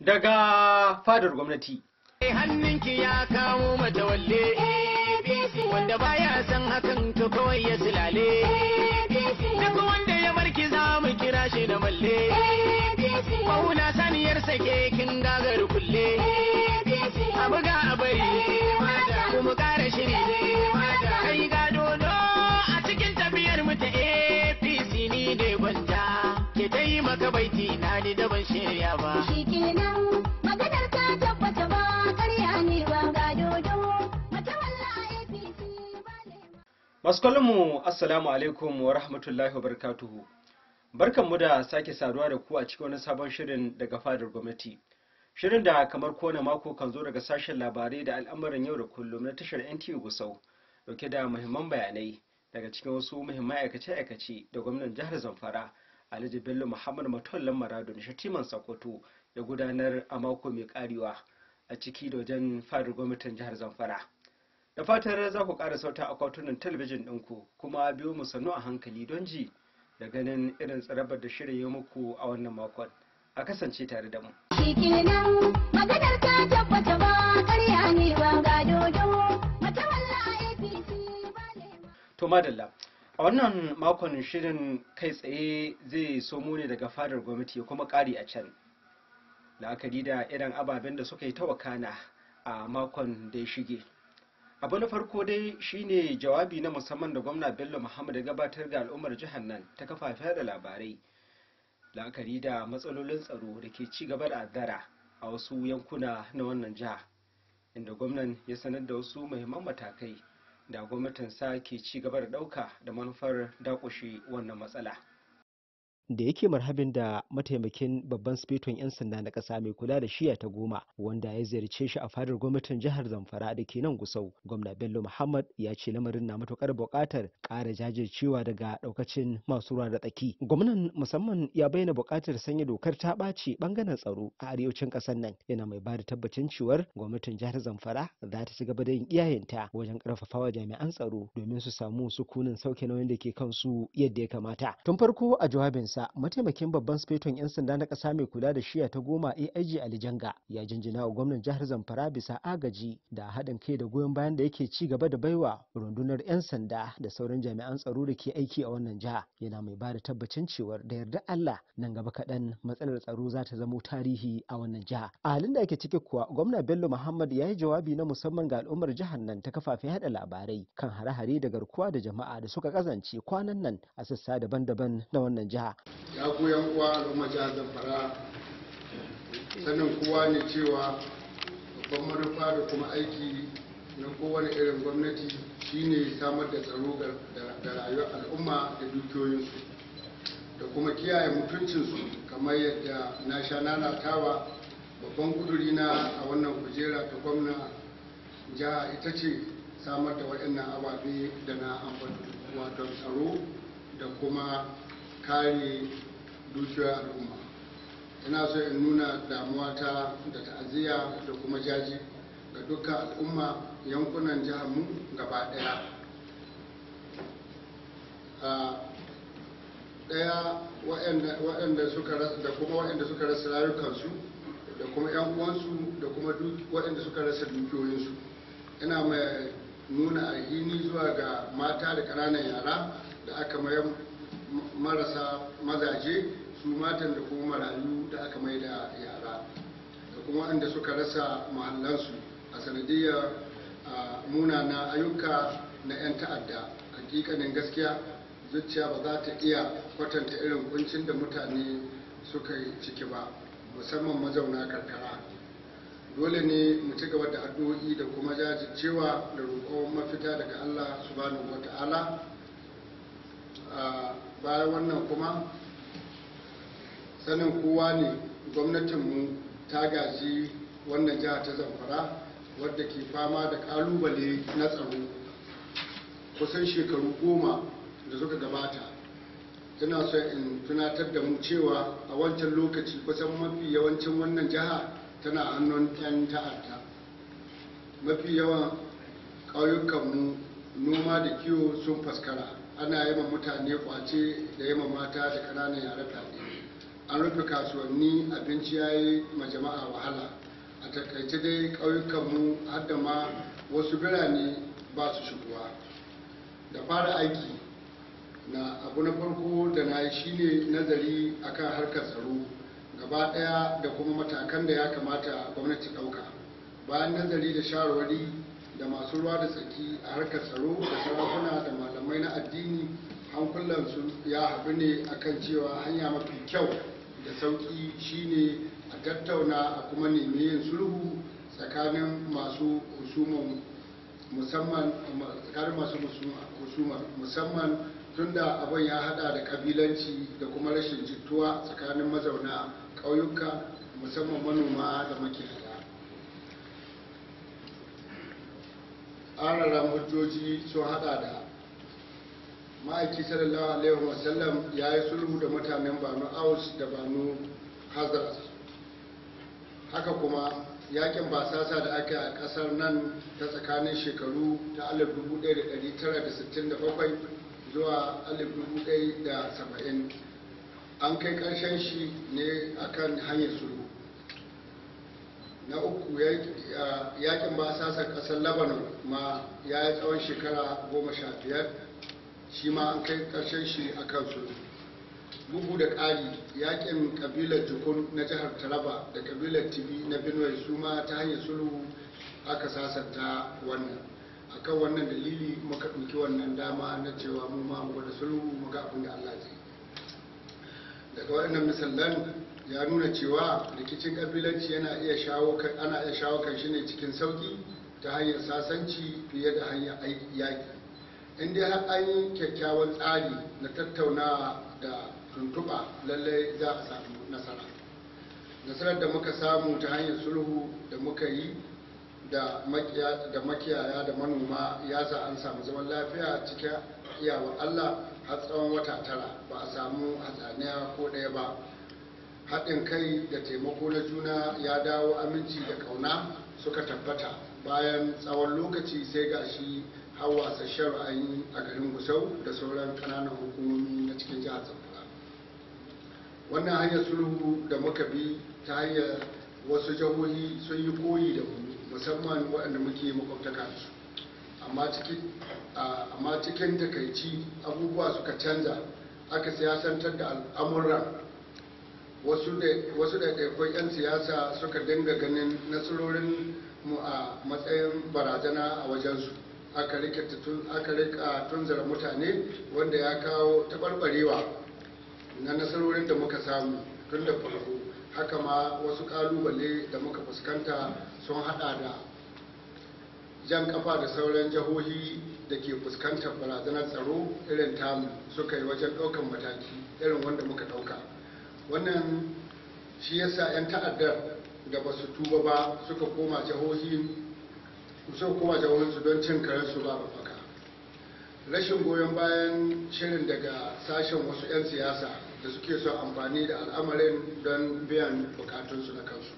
daga fadar gwamnati. Eh, hannunki ya kawo matawalle wanda baya san hakan to kawai ya silale duk wanda ya barki za mu kira shi da malle maula saniyar sake kin gagar kulle dai maka baiti na ni da shirya ba Maskwalinmu Assalamu alaikum wa rahmatullahi wa barakatuhu. Barkanmu da sake saduwa da ku a cikin wani sabon shirin daga fadar gwamnati. Shirin da kamar kowane mako kan zo daga sashen labarai da al'amuran yau da kullum na tashar NTV Gusau, dauke da muhimman bayanai daga cikin wasu muhimman aikace-aikace da gwamnan jihar Zamfara alhaji bello muhammad Maradu da shatiman sokoto ya gudanar a mako mai karewa a ciki da wajen fadar gwamnatin jihar zamfara da fatar za ku kara sauta a kwatunan talabijin ɗinku kuma biyo mu sannu a hankali don ji da ganin irin tsarabar da shirin ya muku a wannan makon a kasance tare da mu ta tabbata ne To madalla, a wannan makon shirin kai tsaye zai somo ne daga fadar gwamnati kuma ƙari a can la'akari da irin ababen da suka yi ta wakana a makon da ya shige abu na farko dai shine jawabi na musamman da gwamna bello Muhammadu, gabatar ga al'ummar jihar nan ta kafafen da labarai la'akari da matsalolin tsaro da ke ci gaba da addara a wasu yankuna na wannan jiha inda gwamnan ya sanar da wasu muhimman matakai da gwamnatin sa ke ci gaba da ɗauka da manufar dakushe wannan matsala. da yake marhabin da mataimakin babban sifeton 'yan sanda na ƙasa mai kula da shiya ta goma wanda ya ziyarce shi a fadar gwamnatin jihar zamfara da ke nan gusau gwamna bello muhammad ya ce lamarin na matuƙar buƙatar ƙara jajircewa daga ɗaukacin masu ruwa da tsaki gwamnan musamman ya bayyana buƙatar sanya dokar ta ɓaci ɓangaren tsaro a arewacin ƙasar nan yana mai ba da tabbacin cewar gwamnatin jihar zamfara za ta ci gaba da yin iyayenta wajen ƙarfafawa jami'an tsaro domin su samu sukunin sauke nauyin da ke kansu yadda ya kamata tun farko a jawabin sa mataimakin babban sufeton 'yan sanda na kasa mai kula da shiya ta goma AIG Alijanga ya jinjina wa gwamnan jihar Zamfara bisa agaji da haɗin kai da goyon bayan da yake ci gaba da baiwa rundunar 'yan sanda da sauran jami'an tsaro da ke aiki a wannan jiha yana mai ba da tabbacin cewar da yarda Allah nan gaba kaɗan matsalar tsaro za ta zamo tarihi a wannan jiha. A halin da ake ciki kuwa gwamna Bello Muhammad ya yi jawabi na musamman ga al'ummar jihar nan ta kafafen yaɗa labarai kan hare-hare da garkuwa da jama'a da suka kazance kwanan nan a sassa daban-daban na wannan jiha ya goyon yan uwa roma jihar zamfara sanin kowa ne cewa babban manufa da kuma aiki na kowane irin gwamnati shine samar da tsaro da rayuwar al'umma da dukiyoyinsu da kuma kiyaye mutuncinsu kamar yadda na sha nanatawa babban kuduri na a wannan kujera ta gwamna jiha ita ce samar da waɗannan ababe da na amfani wato tsaro da kuma kare dukiyar al'umma ina so in nuna damuwata da ta'aziyya da kuma jaji ga dukkan al'umma yankunan jihar gaba daya daya waɗanda suka rasu da kuma waɗanda suka rasa rayukansu da kuma yan da kuma waɗanda suka rasa dukiyoyinsu ina mai nuna alhini zuwa ga mata da ƙananan yara da aka mayar marasa mazaje su matan da kuma marayu da aka mai da yara da kuma inda suka rasa mahallansu a sanadiyar munana ayyuka na 'yan ta'adda hakikanin gaskiya zuciya ba za ta iya kwatanta irin kuncin da mutane suka yi ciki ba musamman mazauna karkara dole ne mu ci gaba da addu'o'i da kuma jajircewa da roƙon mafita daga allah subhanahu wa ta'ala. bayan wannan kuma sanin kowa ne gwamnatinmu ta gaji wannan jiha ta zamfara wadda ke fama da kalubale na tsaro kusan shekaru goma da suka gabata ina so in tunatar da mu cewa a wancan lokaci kusan mafi yawancin wannan jiha tana hannun 'yan ta'adda mafi yawan ƙauyukanmu noma da kiwo sun faskara ana yi ma mutane kwace da yi ma mata da ƙananan yara fyaɗe an rufe kasuwanni abinci ya yi ma jama'a wahala a takaice dai ƙauyukanmu har da ma wasu birane ba su shigowa da fara aiki na abu na farko da na yi shine nazari akan harkar tsaro gaba ɗaya da kuma matakan da ya kamata gwamnati ɗauka bayan nazari da shawarwari da masu ruwa da tsaki a harkar tsaro da sarakuna da malamai na addini hankulansu ya haɗu ne akan cewa hanya mafi kyau da sauƙi shine a tattauna a kuma nemi yin sulhu tsakanin masu husuman musamman masu musamman tunda abin ya haɗa da kabilanci da kuma rashin jituwa tsakanin mazauna ƙauyuka musamman manoma da makiyaya ƙararren hujjoji sun hada da ma'aiki sallallahu alaihi sallam ya yi sulhu da mutanen banu aus da banu hazard haka kuma yakin basasa da aka a kasar nan ta tsakanin shekaru ta 1967 zuwa 1970 an kai karshen shi ne akan hanyar sulhu na uku yakin sasar kasar labanon ma ya yi tsawon shekara goma sha biyar shi ma an kai karshen shi a kansu bugu da ƙari yakin kabilar jukun na jihar taraba da kabilar tibi na benue su ma ta hanyar sulhu aka sasanta wannan A kan wannan dalili muka ɗauki wannan dama na cewa mu ma gwada sulhu muka abin da allah zai daga waɗannan misalan ya nuna cewa rikicin kabilanci yana iya shawo ana iya shawo kan shi ne cikin sauki ta hanyar sasanci fiye da hanyar yaƙi in dai har an yi kyakkyawan tsari na tattaunawa da tuntuɓa lallai za a samu nasara nasarar da muka samu ta hanyar sulhu da muka yi da makiyaya da manoma ya sa an samu zaman lafiya cikin iyawa allah har tsawon wata tara ba a samu hatsaniya ko ɗaya ba haɗin kai da taimako na juna ya dawo aminci da ƙauna suka tabbata bayan tsawon lokaci sai ga shi hawa sashen ra'ayi a garin gusau da sauran ƙananan hukumomi na cikin jihar zamfara wannan hanyar sulhu da muka bi ta hanyar wasu jihohi sun yi koyi da mu musamman waɗanda muke makwabtaka su amma cikin takaici abubuwa suka canza aka siyasantar da al'amuran wasu daidaikun 'yan siyasa suka dinga ganin nasarorin mu a matsayin barazana a wajensu aka rika tunzara mutane wanda ya kawo taɓarɓarewa na nasarorin da muka samu tun da farko haka ma wasu ƙalubale da muka fuskanta sun haɗa da jan ƙafa da sauran jihohi da ke fuskantar barazanar tsaro irin tamu suka yi wajen ɗaukan mataki irin wanda muka ɗauka wannan shi yasa 'yan ta'addar da ba su tuba ba suka koma jihohi su koma jihohinsu don cin karensu ba mafaka rashin goyon bayan shirin daga sashen wasu 'yan siyasa da suke son amfani da al'amarin don biyan bukatunsu na kansu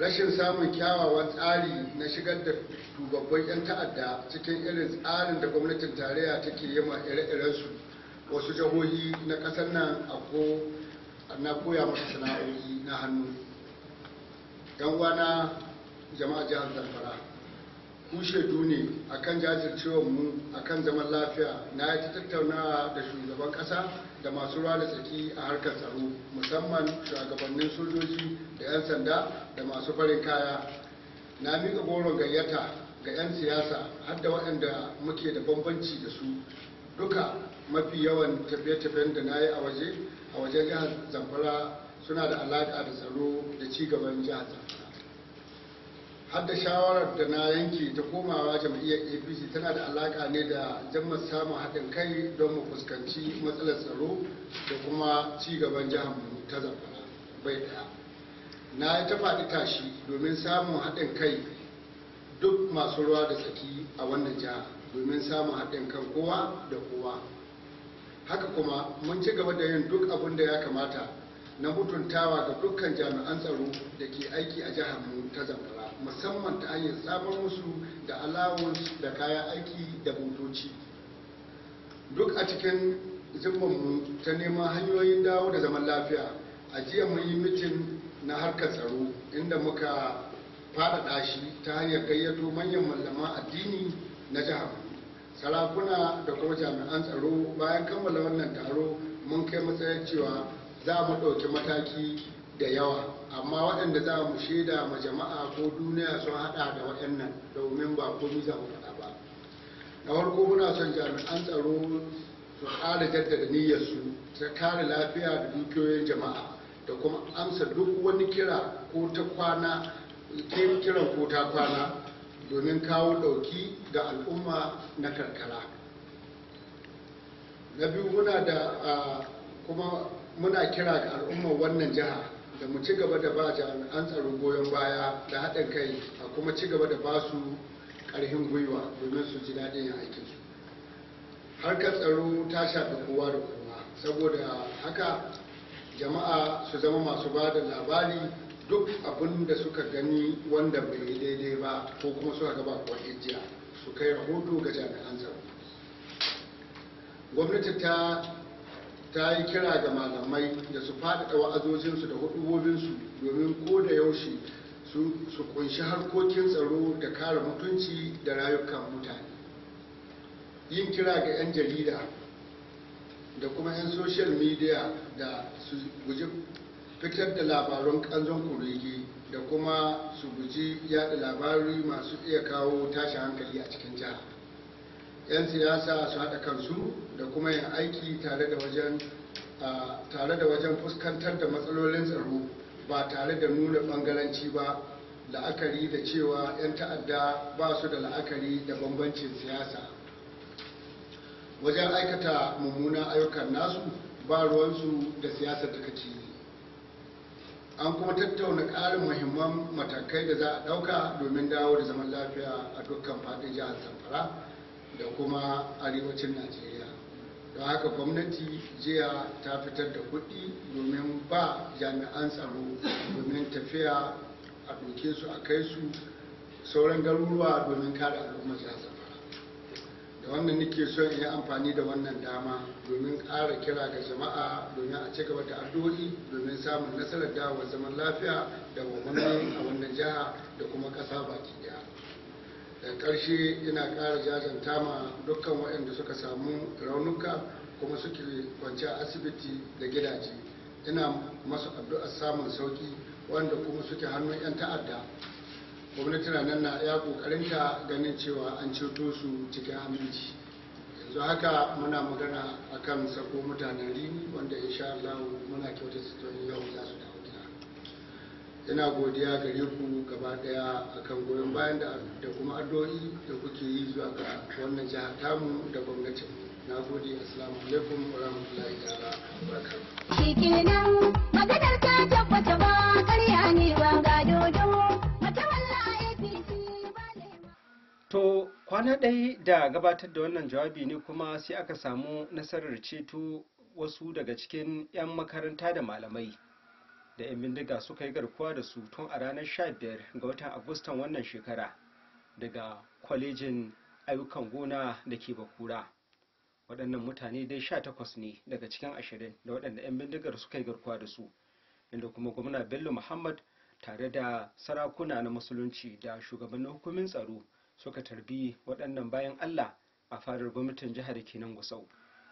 rashin samun kyawawan tsari na shigar da tubabban 'yan ta'adda cikin irin tsarin da gwamnatin tarayya take yi ma ire-irensu wasu jihohi na ƙasar nan a ko na koya masa sana'o'i na hannu yan na jama'a jihar zamfara mun shaidu ne akan jajircewar mu a kan zaman lafiya na ya tattaunawa da shugaban kasa da masu ruwa da tsaki a harkar tsaro musamman shugabannin sojoji da 'yan sanda da masu farin kaya na miƙa goron gayyata ga 'yan siyasa har da waɗanda muke da bambanci da su duka mafi yawan tafiye-tafiyen da na yi a waje a wajen jihar zamfara suna da alaƙa da tsaro da cigaban jihar zamfara har shawarar da na yanke ta komawa jam'iyyar apc tana da alaƙa ne da jammar samun haɗin kai don mu fuskanci matsalar tsaro da kuma cigaban jihar ta zamfara bai ɗaya na yi ta faɗi tashi domin samun haɗin kai duk masu ruwa da tsaki a wannan jiha domin samun haɗin kan kowa da kowa haka kuma mun ci gaba da yin duk abin da ya kamata na mutuntawa ga dukkan jami'an tsaro da ke aiki a jihar mu ta zamfara musamman ta hanyar sabon musu da allowance da kayan aiki da motoci duk a cikin mu ta neman hanyoyin dawo da zaman lafiya a jiya mun yi mitin na harkar tsaro inda muka faɗaɗa shi ta hanyar gayyato manyan mallaman addini na jihar sarakuna da kuma jami'an tsaro bayan kammala wannan taro mun kai matsayin cewa za mu ɗauki mataki da yawa amma waɗanda za mu shaida ma jama'a ko duniya sun haɗa da waɗannan domin ba komi za mu faɗa ba na farko muna son jami'an tsaro su ƙara jaddada niyyarsu ta kare lafiya da dukiyoyin jama'a da kuma amsa duk wani kira ko ta kwana ko ta kwana domin kawo ɗauki ga al'umma na karkara na biyu muna da kuma muna kira ga al'ummar wannan jiha da mu ci gaba da ba jami'an tsaro goyon baya da haɗin kai a kuma ci gaba da ba su ƙarfin gwiwa domin su ji daɗin aikinsu harkar tsaro ta shafi kowa da kowa saboda haka jama'a su zama masu ba da labari duk abin da suka gani wanda bai yi daidai ba ko kuma suka gaba kuwa hijiya su kai rahoto ga jami'an tsaro gwamnati ta yi kira ga malamai da su faɗaɗa wa'azozinsu da hudubobinsu domin ko da yaushe su kunshi harkokin tsaro da kare mutunci da rayukan mutane yin kira ga 'yan jarida da kuma 'yan social media da su guji fitar da labarun kanzon kurege da kuma su guji yada labari masu iya kawo tashi hankali a cikin jiha yan siyasa su haɗa kansu da kuma yin aiki tare da wajen fuskantar da matsalolin tsaro ba tare da nuna bangaranci ba la'akari da cewa 'yan ta'adda ba su da la'akari da bambancin siyasa wajen aikata mummuna ayyukan nasu ba ruwansu da siyasar da kaciye an kuma tattauna ƙarin muhimman matakai da za a ɗauka domin dawo da zaman lafiya a dukkan faɗin jihar zamfara da kuma arewacin najeriya don haka gwamnati jiya ta fitar da kuɗi domin ba jami'an tsaro domin tafiya a ɗauke su a kai su sauran garuruwa domin kare al'ummar jihar da wannan nake so in yi amfani da wannan dama domin ƙara kira ga jama'a domin a ci gaba da addu'o'i domin samun nasarar dawo zaman lafiya da gwamnati a wannan jiha da kuma ƙasa baki daya da ƙarshe ina ƙara jajanta ma dukkan waɗanda suka samu raunuka kuma suke kwanci a asibiti da gidaje ina masu addu'ar samun sauki wanda kuma suke hannun 'yan ta'adda gwamnati na nan na ya kokarin ta ganin cewa an ceto su cikin aminci yanzu haka muna magana akan sako mutanen rini wanda insha Allah muna kyautar su yau za su dawo yana godiya gare ku gaba daya akan goyon bayan da da kuma addu'o'i da kuke yi zuwa ga wannan jiha tamu da gwamnatin na gode assalamu alaikum wa rahmatullahi wa barakatuh maganar ta tabbata ba To kwana ɗaya da gabatar da wannan jawabi ne kuma sai aka samu nasarar ceto wasu daga cikin 'yan makaranta da malamai da 'yan bindiga suka yi garkuwa da su tun a ranar 15 ga watan Agustan wannan shekara daga kwalejin ayyukan gona da ke bakura. Waɗannan mutane dai 18 ne daga cikin ashirin da waɗanda 'yan bindigar suka yi garkuwa da su, inda kuma gwamna Bello Muhammad tare da sarakuna na musulunci da shugabannin hukumin tsaro suka tarbi waɗannan bayan allah a fadar gwamnatin jihar kenan gusau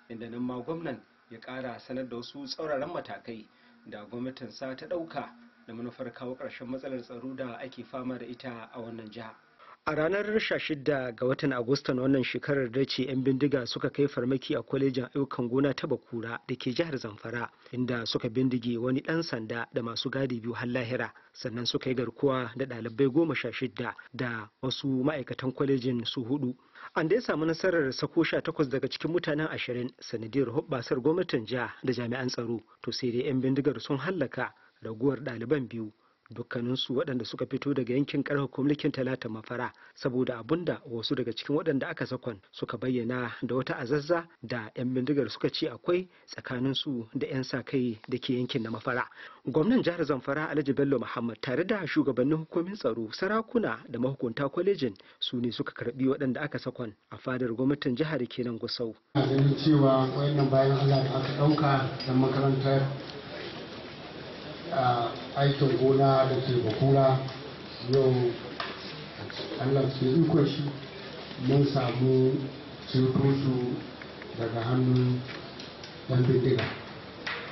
inda nan ma gwamnan ya ƙara sanar da wasu tsauraran matakai da gwamnatin sa ta ɗauka da manufar kawo ƙarshen matsalar tsaro da ake fama da ita a wannan jiha A ranar 16 ga watan Agustan wannan shekarar da ce 'yan bindiga suka kai farmaki a kwalejin ayyukan gona ta Bakura da ke jihar Zamfara inda suka bindige wani ɗan sanda da masu gadi biyu har lahira sannan suka yi garkuwa da ɗalibai goma sha shida da wasu ma'aikatan kwalejin su hudu. An dai samu nasarar sako sha takwas daga cikin mutanen ashirin sanadiyar hubbasar gwamnatin jiha da jami'an tsaro to sai dai 'yan bindigar sun hallaka raguwar ɗaliban biyu dukkaninsu waɗanda suka fito daga yankin ƙarfe ko talata mafara saboda abun da wasu daga cikin waɗanda aka sakon suka bayyana da wata azazza da 'yan bindigar suka ce akwai tsakaninsu da 'yan sa kai da ke yankin na mafara gwamnan jihar zamfara alhaji bello muhammad tare da shugabannin hukumin tsaro sarakuna da mahukunta kwalejin su ne suka karbi waɗanda aka sakon a fadar gwamnatin jihar kenan gusau. cewa wayannan bayan allah da aka ɗauka makarantar Ah, aikin gona da ke bakura yau allah ke ikon shi mun samu ceto su daga hannun yan bindiga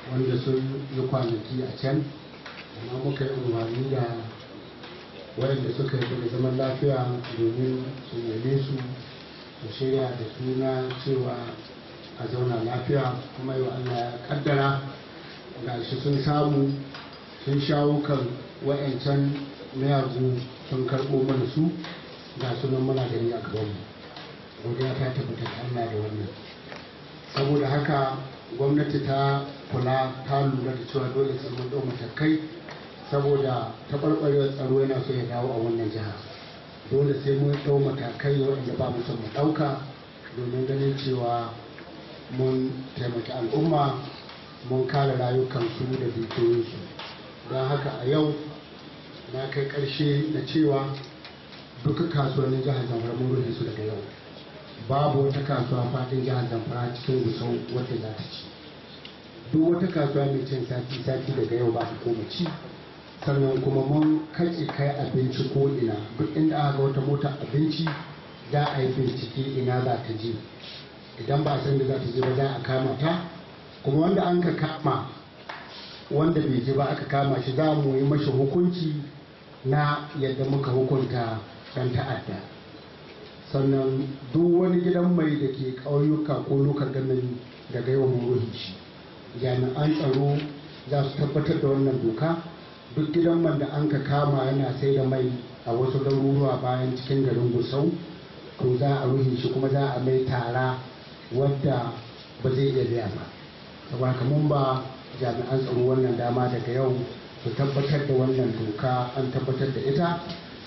wanda sun yi kwanaki a can amma muka yi umarni da wayanda suka yi da zaman lafiya domin su neme su da shirya da suna cewa a zauna lafiya kuma yau allah ya kaddara ga shi sun samu sun shawo kan wa'ancan mayagu sun karɓo mana su ga sunan muna gani a gabanmu ya ta tabbata Allah da wannan saboda haka gwamnati ta kula ta lura da cewa dole sun mun ɗau matakai saboda taɓarɓarewar tsaro yana so ya dawo a wannan jiha dole sai mun ɗau matakai waɗanda ba mu son mu ɗauka domin ganin cewa mun taimaki al'umma mun kare rayukan su da dukiyoyinsu don haka a yau na kai karshe na cewa duka kasuwannin jihar zamfara mun rufe su daga yau babu wata kasuwa fatan jihar zamfara cikin gusau wata za ta ci duk wata kasuwa mai cin sati sati daga yau ba su koma ci sannan kuma mun kai kai abinci ko ina duk inda aka ga wata mota abinci za a yi bincike ina za ta je idan ba a san da za ta je ba za a kama ta kuma wanda an ka kama wanda bai ji ba aka kama shi za mu yi mashi hukunci na yadda muka hukunta dan ta'adda sannan duk wani gidan mai da ke ƙauyuka ko lokar ganin daga yawan ruhi shi jami'an tsaro za su tabbatar da wannan doka duk gidan man da an ka kama yana sai da mai a wasu garuruwa bayan cikin garin gusau to za a ruhin shi kuma za a mai tara wadda ba zai iya biya ba kamar ba jami'an tsaro wannan dama daga yau su tabbatar da wannan doka an tabbatar da ita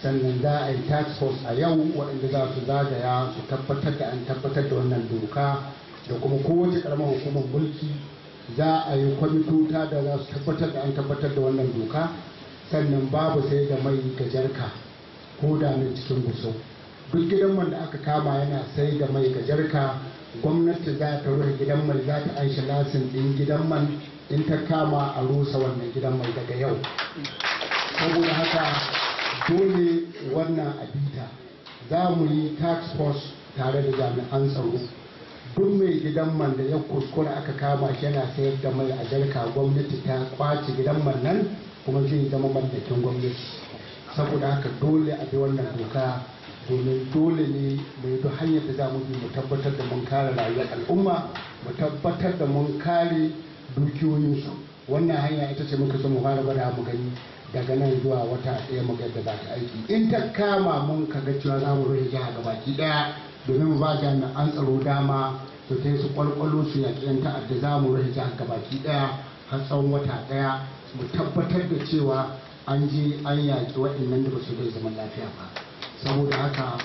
sannan za a yi task force a yau waɗanda za su zagaya su tabbatar da an tabbatar da wannan doka da kuma kowace ƙaramar hukumar mulki za a yi kwamitota da za su tabbatar da an tabbatar da wannan doka sannan babu sai da mai ga jarka ko da mai cikin guso duk gidan man da aka kama yana sai da mai ga jarka gwamnati za ta ruwa gidan man za ta aishi lasin ɗin gidan man in ta kama a rusa wannan gidan mai daga yau saboda haka dole wannan abita za mu yi tax force tare da jami'an tsaro duk mai gidan man da ya kuskura aka kama yana sayar da mai a gwamnati ta kwace gidan man nan kuma zai zama mallakin gwamnati saboda haka dole a bi wannan doka domin dole ne mai yi hanyar da za mu bi mu tabbatar da mun kare rayuwar al'umma mu tabbatar da mun kare dukiyoyinsu wannan hanya ita ce muka so mu fara gwada mu gani daga nan zuwa wata ɗaya mu ga za ta aiki in ta kama mun ka ga cewa za mu rufe jiha gabaki ɗaya domin mu ba an tsaro dama su ta su kwalkwalo su yaƙi yan ta'adda za mu rufe jiha gabaki ɗaya har tsawon wata ɗaya mu tabbatar da cewa an je an yaƙi waɗannan da ba su bai zaman lafiya ba saboda haka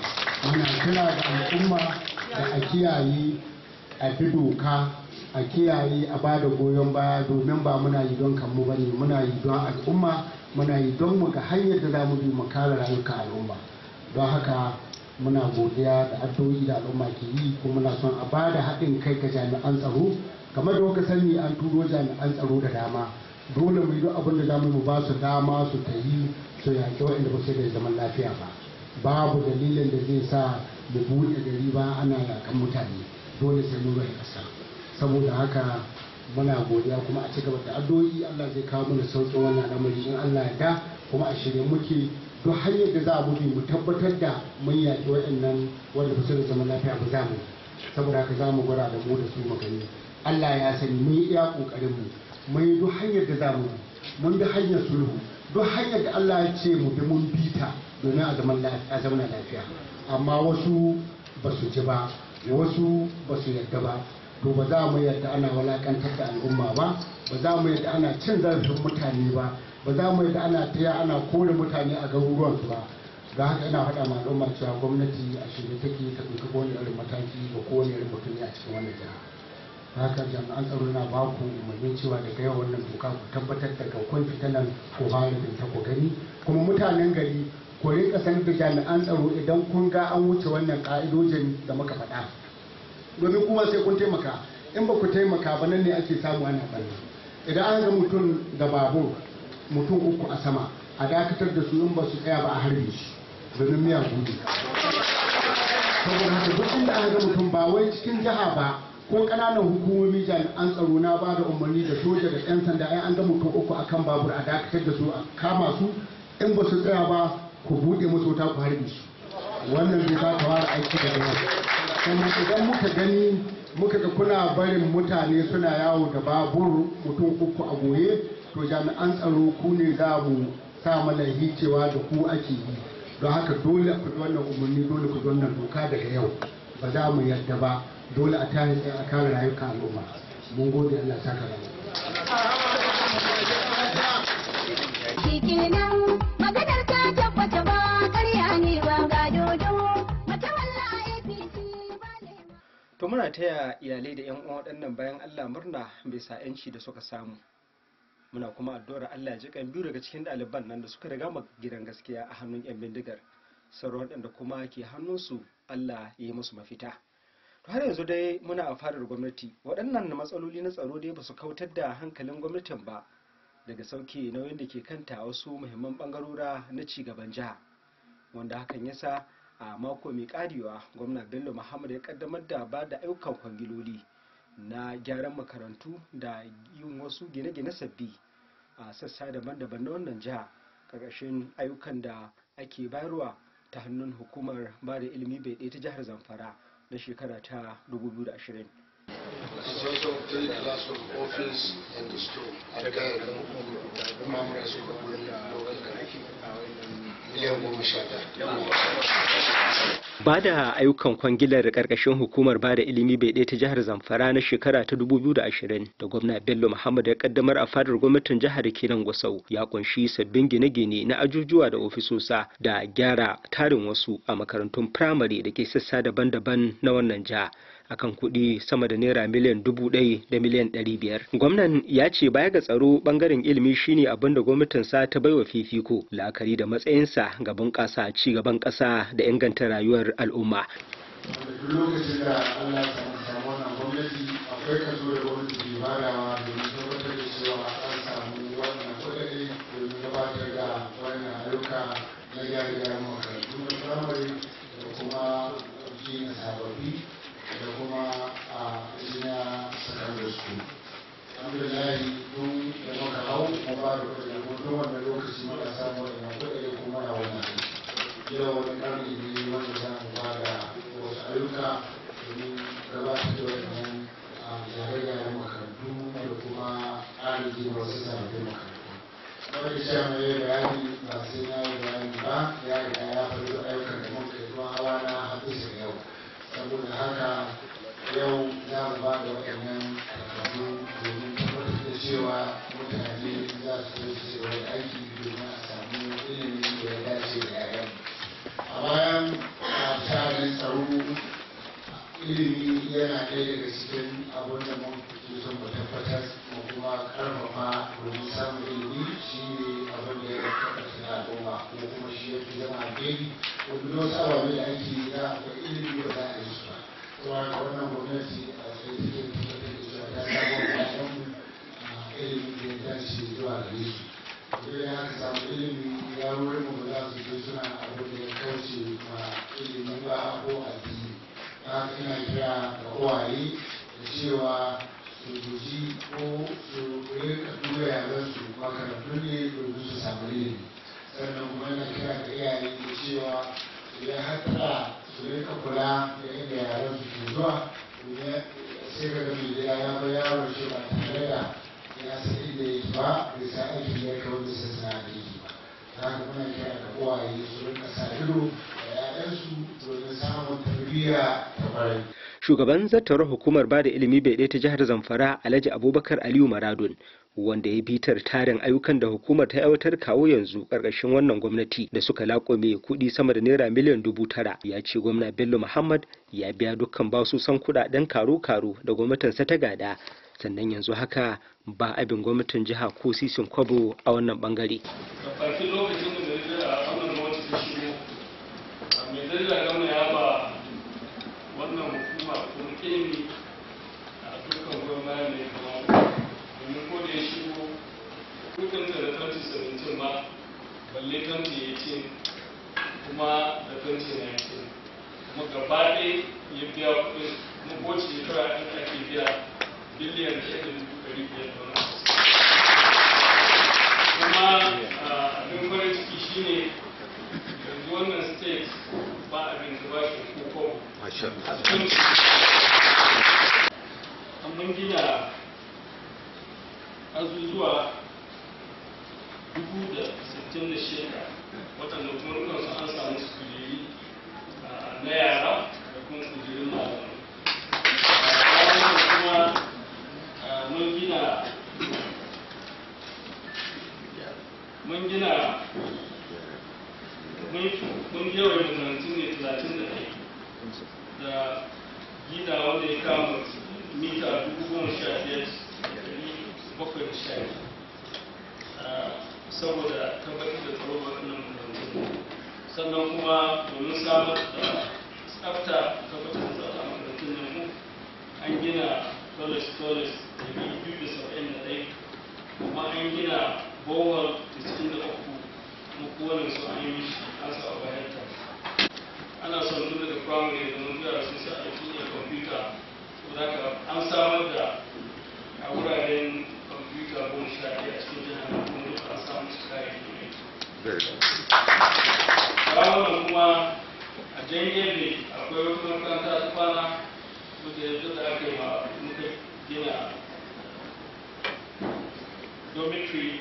muna kira da al'umma da a kiyaye a bi doka a kiyaye a ba da goyon baya domin ba muna yi don kanmu ba ne muna yi don al'umma muna yi don mu ga hanyar da za mu bi mu kare rayuka al'umma don haka muna godiya da addu'o'i da al'umma ke yi ko muna son a ba da haɗin kai ga jami'an tsaro kamar da kuka sani an turo jami'an tsaro da dama dole mu yi duk abin da za mu ba su dama su ta yi su yaƙi waɗanda ba su da zaman lafiya ba babu dalilin da zai sa mu buɗe gari ba ana yakan mutane dole sai mun rage ƙasa saboda haka muna godiya kuma a ci gaba da addu'o'i Allah zai kawo mana sauƙin wannan al'amari in Allah ya da kuma a shirye muke duk hanyar da za a buɗe mu tabbatar da mun yaki waɗannan wanda ba su da zaman lafiya ba za mu saboda haka za mu gwara da mu da su magani Allah ya sani mun yi iya ƙoƙarin mu mun yi duk hanyar da za mu mun bi hanyar sulhu duk hanyar da Allah ya ce mu bi mun bi ta domin a zaman lafiya amma wasu ba su ji ba wasu ba su yarda ba to ba za mu yadda ana walakantar da al'umma ba ba za mu yadda ana cin zarafin mutane ba ba za mu yadda ana taya ana kore mutane a garuruwansu ba ga haka ina faɗa ma al'umma cewa gwamnati a shirye take ta ɗauki kowane irin mataki ga kowane irin mutum a cikin wannan jiha haka jami'an tsaro na ba ku umarnin cewa daga yau wannan doka ku tabbatar da kun fita nan ko fara ta ku gani kuma mutanen gari ku rinka sanar da jami'an tsaro idan kun ga an wuce wannan ka'idojin da muka faɗa domin kuma sai kun taimaka in ba ku taimaka ba nan ne ake samu ana ɓarna idan an ga mutum da babur mutum uku a sama a dakatar da su in ba su tsaya ba a harbe shi domin miya gudu saboda haka duk inda an ga mutum ba wai cikin jiha ba ko ƙananan hukumomi jami'an tsaro na ba da umarni da soja da 'yan sanda ai an ga mutum uku akan babur a dakatar da su a kama su in ba su tsaya ba ku buɗe musu wuta ku harbi. su wannan bai za ta aiki da yau kuma idan muka gani muka ga kuna barin mutane suna yawo da babur mutum uku a goye to jami'an tsaro ku ne za mu sa mana cewa da ku ake yi don haka dole ku wannan umarni dole ku wannan doka daga yau ba za mu yadda ba dole a tare a kare rayuka al'umma mun gode Allah saka muna taya iyalai da 'yan uwan waɗannan bayan allah murna sa 'yanci da suka samu muna kuma addu'ar allah ji kan biyu daga cikin ɗaliban nan da suka riga ma gidan gaskiya a hannun 'yan bindigar sauran waɗanda kuma ke hannunsu allah ya yi musu mafita to har yanzu dai muna a fadar gwamnati waɗannan matsaloli na tsaro dai ba su kautar da hankalin gwamnatin ba daga sauke nauyin da ke kanta wasu muhimman ɓangarora na cigaban jiha wanda hakan yasa a mako mai karewa gwamna bello muhammad ya kaddamar da ba da ayyukan kwangiloli na gyaran makarantu da yin wasu gine-gine sabbi a sassa daban-daban na wannan jiha karkashin ayyukan da ake bayarwa ta hannun hukumar ba da ilimi bai ɗaya ta jihar zamfara na shekara ta 2020 ba da ayyukan kwangilar karkashin hukumar ba da ilimi bai ɗaya ta jihar zamfara na shekara ta 2020 da gwamna bello muhammad ya kaddamar a fadar gwamnatin jihar kenan gwasau ya kunshi sabbin gine-gine na ajujuwa da ofisosa da gyara tarin wasu a makarantun firamare da ke sassa daban-daban na wannan jiha akan kuɗi sama da naira miliyan dubu ɗaya da miliyan ɗari biyar. Gwamnan ya ce baya ga tsaro ɓangaren ilimi shine abin da gwamnatinsa ta baiwa fifiko la'akari da matsayinsa ga bunƙasa ci gaban ƙasa da inganta rayuwar al'umma. Lokacin da Allah ya wannan gwamnati akwai ilimi yana ɗaya daga cikin abin da mun son mu tabbatar mu kuma karfafa domin samun ilimi shi ne abin da ya tabbata da al'umma ko kuma shi ya fi zama alheri domin wasu abin da ake yi da akwai ilimi ba za a yi su ba kuma da wannan gwamnati a tsaye cikin tabbatar da cewa ta samu buƙatun ah, ilimi da ya dace zuwa gare su idan ya haka samu ilimi ya wurin mu ba za su je suna abin da ya kauce ma ilimi ba ko addini haka ina kira ga uwaye da cewa su guji ko su rika duba samu sannan kuma kira ga iyaye da cewa idan har kula da inda yaran zuwa sai ka gida ya bar yaron shi da ya san aiki ba ta haka muna kira ga uwaye su rika ido da 'ya'yansu domin samun tarbiyya shugaban zartar hukumar ba da ilimi bai ta jihar zamfara alhaji abubakar aliyu maradun wanda ya bitar tarin ayyukan da hukumar ta aiwatar kawo yanzu karkashin wannan gwamnati da suka laƙome kuɗi sama da naira miliyan dubu tara ya ce gwamna bello muhammad ya biya dukkan basusan kuɗaɗen karo-karo da gwamnatinsa ta gada sannan yanzu haka ba abin gwamnatin jiha ko sisin kwabo a wannan bangare. kukan da kanti 17 ba balle kanti 18 kuma da kanti 19 kuma gaba ya biya kuɗin kuma kowace shekara an ake biya biliyan da yadda dubu ɗari biyar da wani kuma abin farin ciki shine yanzu wannan state ba abin da ba shi ko kuma. 东西。an gina college college da biyu da saba'in da ɗai kuma an gina bowal cikin da uku kuma kowane su an yi an su a bayan ta ana son nuna da primary da mun gara sun sa a cikin kwamfuta saboda ka an samar da a wuraren kwamfuta ko sha a cikin jihar kuma an samu su kayan Bayan kuma a jangiyar ne akwai wata makaranta ta kwana domin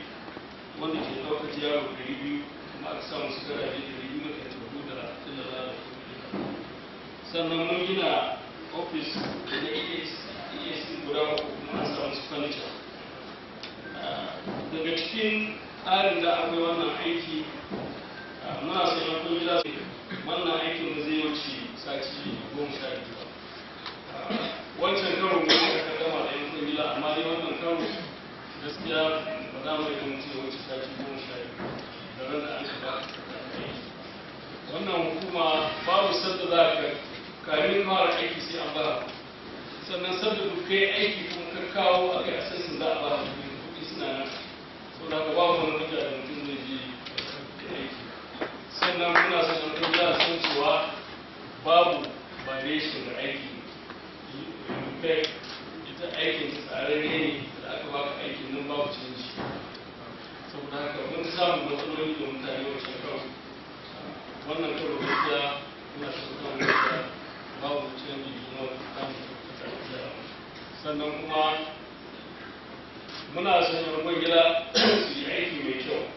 wanda ke ɗaukar yaro ɗari biyu kuma aka samu su da ɗari biyu da tabu da tun da za sannan mun gina ofis na EAC e guda uku kuma an samu su fanita ah, daga cikin tsarin da akwai wannan aiki ah, muna son yankun gida wannan aikin da zai wuce sati goma sha biyu gaskiya ba za mu yi mutu ya wuce sati goma sha da ran da aka ba wannan hukuma babu sanda za ka kare mara aiki sai an bara sannan sanda ku kai aiki kuma ka kawo a kai asasin za a ba a cikin kuɗi suna nan saboda ka babu wani mutu da mutum zai je aiki sannan muna son mutum za a san cewa babu variation da aiki ita aikin tsararre ne baka aiki mun ba ku canji saboda haka mun samu matsaloli da mutane wancan kawo wannan karo gaskiya ina shugaban wanda babu canji kuma ta sannan kuma muna son yan su yi aiki mai kyau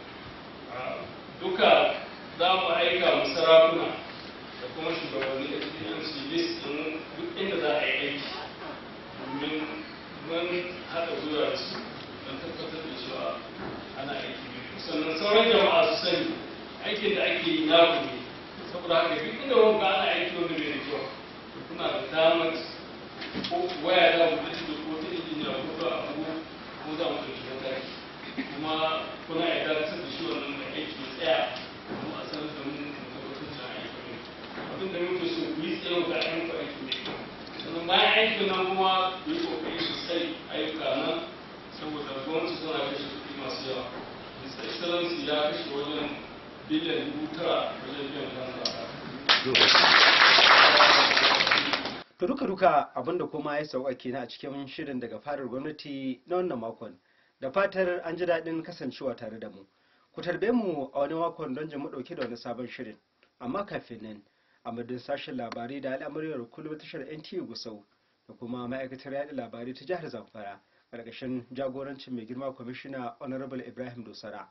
abinda kuma ya sauka na a cikin shirin daga fadar gwamnati na wannan makon da fatar an ji daɗin kasancewa tare da mu ku tarbe mu a wani makon don jin mu ɗauke da wani sabon shirin amma kafin nan a madadin sashen labarai da al'amuran kullum tashar NTA Gusau da kuma ma'aikatar yaɗa labarai ta jihar Zamfara ƙarƙashin jagorancin mai girma kwamishina Honorable Ibrahim Dosara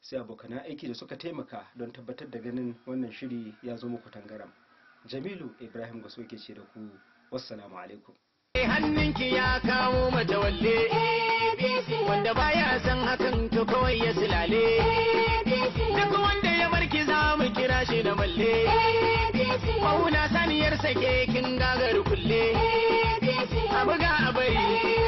sai abokanan aiki da suka taimaka don tabbatar da ganin wannan shiri ya zo muku tangaram. Jamilu Ibrahim Gusau ke ce da ku wassalamu alaikum eh, hannunki ya kawo matawalle wanda baya san hakan to kawai ya silale duk wanda ya barki za mu kira shi da malle mauna saniyar sake kin gagar kulle a buga a bari